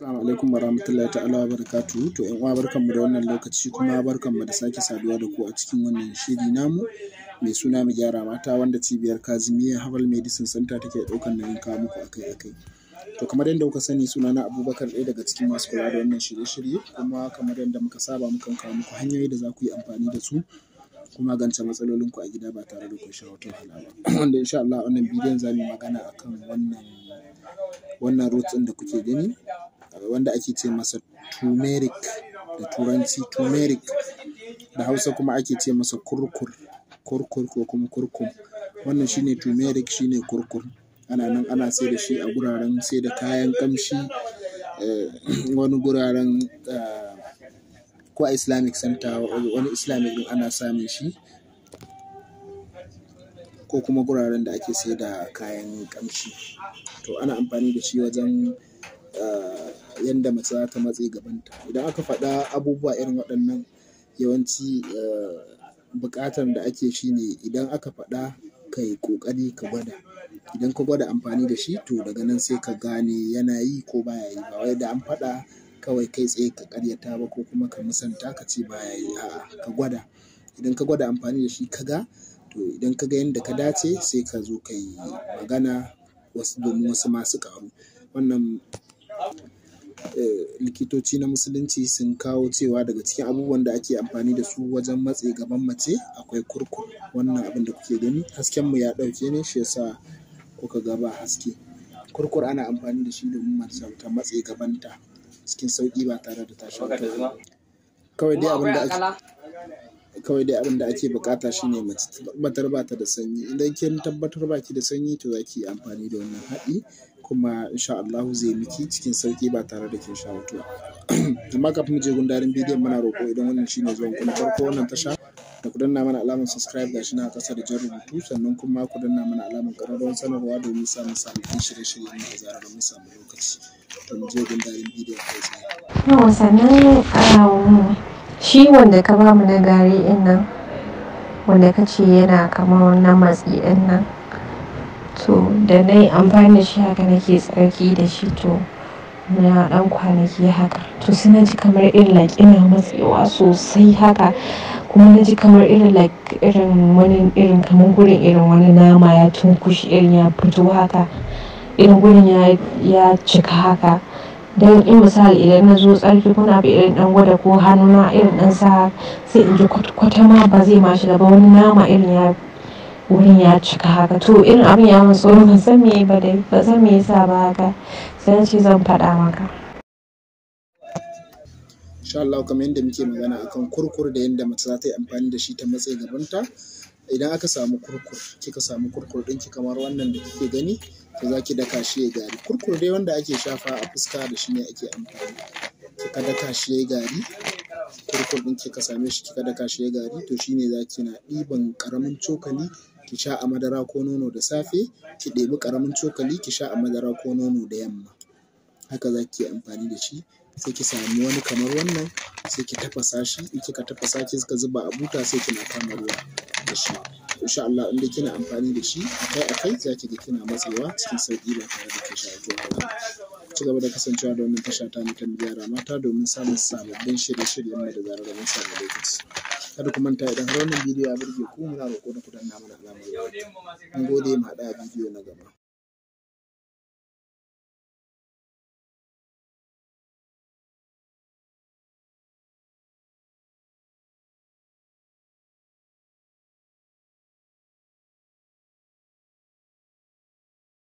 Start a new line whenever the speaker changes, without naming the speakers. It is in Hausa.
Assalamu alaikum warahmatullahi ta'ala wa barakatuhu. To ƴan uwa barkanmu da wannan lokaci kuma barkanmu da sake saduwa da ku a cikin wannan shiri namu mai suna mu gyara mata wanda cibiyar Kazimiyyar Herbal Medicine Center take ɗaukar nauyin kawo muku akai-akai. To kamar yadda kuka sani sunana Abubakar ɗaya daga cikin masu kula da wannan shirye-shirye kuma kamar yadda muka saba mukan kawo muku hanyoyi da za ku yi amfani da su ku magance matsalolinku a gida ba tare da ku sha wata wahala ba. Wanda insha Allah wannan bidiyon za mu magana akan wannan wannan root ɗin da kuke gani wanda ake ce masa turmeric da turanci turmeric da hausa kuma ake ce masa kurkur kurkur ko kuma kurkum wannan shine turmeric shine kurkur ana nan ana sai da shi a guraren sai da kayan kamshi eh, wani guraren eh, ko a islamic center wani islamic din ana samun shi ko kuma guraren da ake sai da kayan kamshi to ana amfani da shi wajen yadda mace za ta matse gabanta idan aka faɗa abubuwa irin waɗannan yawanci eh, buƙatar da ake shi ne idan aka faɗa kai yi ƙoƙari ka gwada idan ka gwada amfani da shi to daga nan sai ka gane yana yi ko baya yi ba wai da an faɗa kawai kai tsaye ka karyata ba ko kuma ka musanta ka ce baya yi a'a ka gwada idan ka gwada amfani da shi ka ga to idan ka ga yanda ka dace sai ka zo ka magana wasu domin wasu masu ƙaru wannan Eh, likitoci na musulunci sun kawo cewa daga cikin abubuwan da ake amfani da su wajen matse gaban mace akwai kurkur wannan abin da kuke gani hasken mu ya dauke ne shi yasa kuka ga ba haske kurkur ana amfani da shi domin mace ta matse gabanta cikin sauƙi ba tare da tashi kawai dai abin da ake kawai dai abin da ake bukata shine mace ta tabbatar ba ta da sanyi idan kin tabbatar ba ki da sanyi to za ki yi amfani da wannan haɗi kuma insha Allah zai miki cikin sauki ba tare da kin sha wato amma kafin mu je gundarin bidiyon muna roƙo idan wannan shine zuwan kuma farko wannan tasha da ku danna mana alamar subscribe gashi na kasa da jan rubutu sannan kuma ku danna mana alamar ƙararrawar sanarwa domin samun sabbin shirye-shirye na da mun samu lokaci to mu je gundarin bidiyon kai
tsaye. Yau sannan ah, shi wanda ka ba mu na gari ɗin nan wanda ka ce yana kamar na matsi ɗin nan to da na yi amfani da shi haka nake tsarki da shi to na ɗan kwanaki haka to sai na ji kamar irin like ina matsewa sosai haka kuma na ji kamar irin like irin wani irin kamar gurin irin wani nama ya tunkushi irin ya fito haka irin gurin ya cika haka don in misali idan na zo tsarki kuna bi irin dan gwada ko hannu na irin dan sa sai in ji kwata ma ba zai ma shiga ba wani nama irin ya wurin ya cika haka to irin abin ya min tsoro ban san me ba dai ba san me yasa ba haka sai na ce zan faɗa maka
insha Allah kamar yadda muke magana akan kurkur da yadda mace za ta yi amfani da shi ta matsayi gabanta idan aka samu kurkur kika samu kurkur ɗinki kamar wannan da kike gani to za ki daka shi ya gari kurkur dai wanda ake shafa a fuska da shi ne ake amfani kika daka shi ya gari kurkur ɗin kika same shi kika daka shi ya gari to shi ne za ki na ɗiban ƙaramin cokali ki sha a madara ko nono da safe ki ɗebi ƙaramin cokali ki sha a madara ko nono da yamma haka za ki amfani da shi sai ki sami wani kamar wannan sai ki tafasa shi in kika tafasa ki suka zuba a buta sai kina kama ruwa da shi insha Allah inda kina amfani da shi akai akai zaki ki ga kina matsewa cikin sauki ba tare da kashe wahala ba ci gaba da kasancewa da wannan tasha ta mutan yara mata domin samun sababbin shirye-shiryen mu da zarar mun samu lokaci kada ku manta idan har wannan bidiyo ya burge ku muna roƙo da ku danna mana alamar mun gode mu ɗaya bidiyo na gaba